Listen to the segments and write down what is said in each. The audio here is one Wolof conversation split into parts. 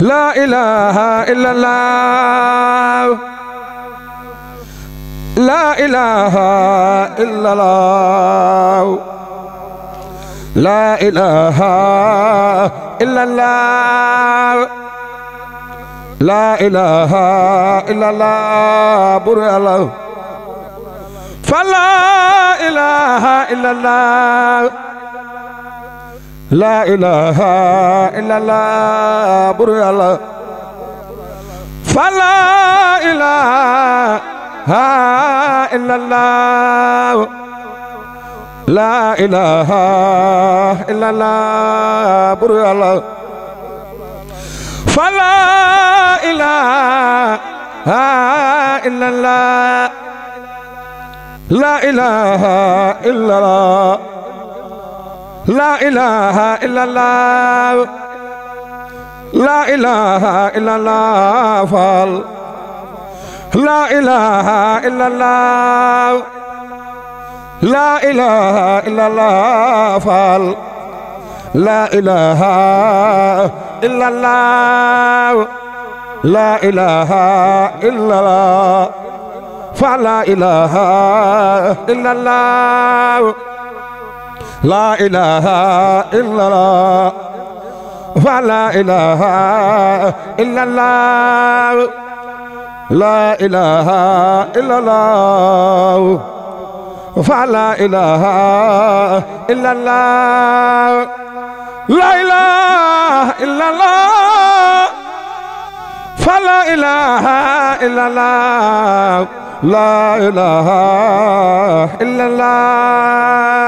laa ilaaha illallah laa ilaaha illallah laa ilaaha illallah laa ilaaha illallah bur Yàlla fa laa ilaaha illallah laa ilaaha illallaah bur yàlla fa laa ilaaha illallaah laa ilaaha illallaah bur yàlla لا إله إلا الله لا إله إلا الله فال لا إله إلا الله لا إله إلا الله فال لا إله إلا الله لا إله إلا الله فلا إله إلا الله لا إله إلا الله ولا إله إلا الله لا إله إلا الله فلا إله إلا الله لا إله إلا الله فلا إله إلا الله لا إله إلا الله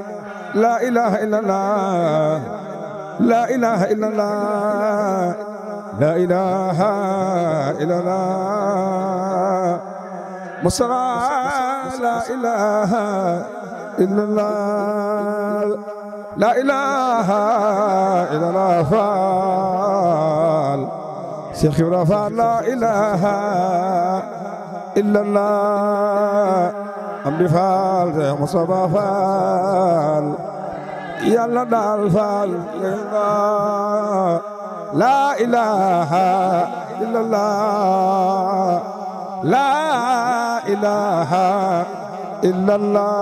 لا إله إلا الله لا إله إلا الله لا إله إلا الله مصرى لا إله إلا الله لا إله إلا الله فال شيخ لا إله إلا الله am di faal te Moustapha faal yàlla daal faal la la ilaha illallah la ilaha illallah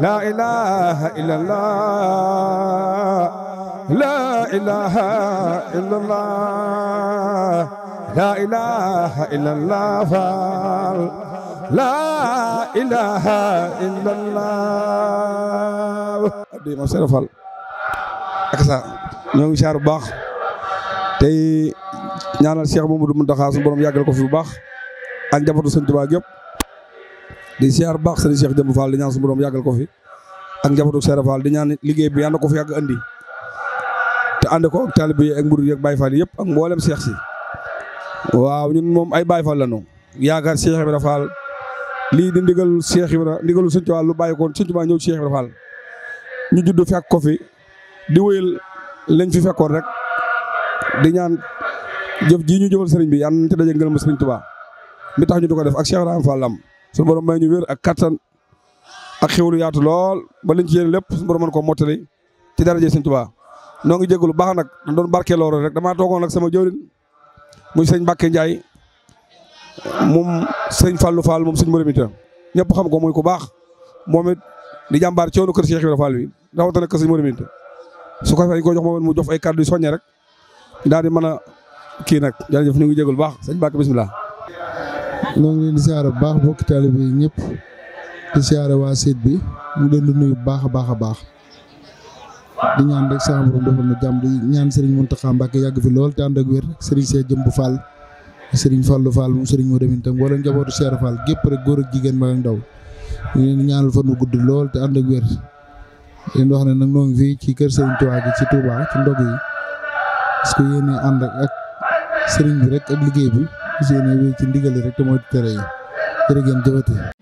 لا إله إلا الله لا إله إلا الله لا إله إلا الله لا إله إلا الله di ma sa ñoo ngi xaar bu baax tey ñaanal Cheikh Mamadou Mountakha suñu borom yàggal ko fi bu baax ak njabootu Sëñ Tuubaa yëpp di ziar baax sëriñ Cheikh Jëmb Fall di ñaan su borom yàggal ko fi ak njabootu Cheikh Fall di ñaan liggéey bi yàlla na ko fi yàgg andi te ànd ko ak taalib yi ak mburu yi ak yëpp mboolem seex si waaw ñun moom ay Baye Fall lañu yaakaar Cheikh Ibra Fall lii di ndigalu Cheikh Ibra ndigalu Sëñ Tuubaa lu bàyyi koon Sëñ Tuubaa ñëw Cheikh Ibra Fall ñu judd fekk ko fi di wéyal lañ fi fekkoon rek di ñaan jëf ji ñu jëfal sëriñ bi yàlla nañ ci daje ngërëm Sëriñ Tuubaa mi tax ñu di ko def ak Cheikh Ibrahima Fall am suñu borom may ñu wér ak kattan ak xéwlu yaatu lool ba liñ ci yéen lépp suñu borom mën koo mottali ci daraje Sëñ Tuubaa noo ngi jégalu baax nag dañ doon barkeeloo rek damaa toogoon ak sama jëwrin muy sëñ Mbacke njaay moom sëñ Fallou Fall moom sëñ Mouride ñëpp xam ko muy ku baax moom it di jàmbaar coono kër Cheikh Ibra Fall bi rawatina kër sëñ Mouride su ko defee ko jox moom mu jox ay kàddu yu rek daal di mën a kii nag jërëjëf ñu ngi jégalu baax sëñ Mbacke bisimilah. ñoo ngi leen di siyaare bu baax bokki taalibe yi ñëpp di siyaare waa seet bi mu leen di nuyu bu baax a baax a baax di ñaan rek sama borom defal na jàmb di ñaan sëriñ Serigne Mountakha Mbacké yàgg fi lool te ànd ak wér Serigne see jëmb Fall Serigne Fallou Fall moom sëriñ moo demin tam wala njabootu Cheikh Fall gépp rek góor ak jigéen mag ak ndaw ñu leen di ñaanal fan wu gudd lool te ànd ak wér leen wax ne nag noo ngi ci kër Serigne Touba gi ci Touba ci ndog yi parce que ànd ak Serigne bi rek liggéey bi fas yéene wéy ci ndigal yi rek te mooy tere yi jërë ngeen jëfati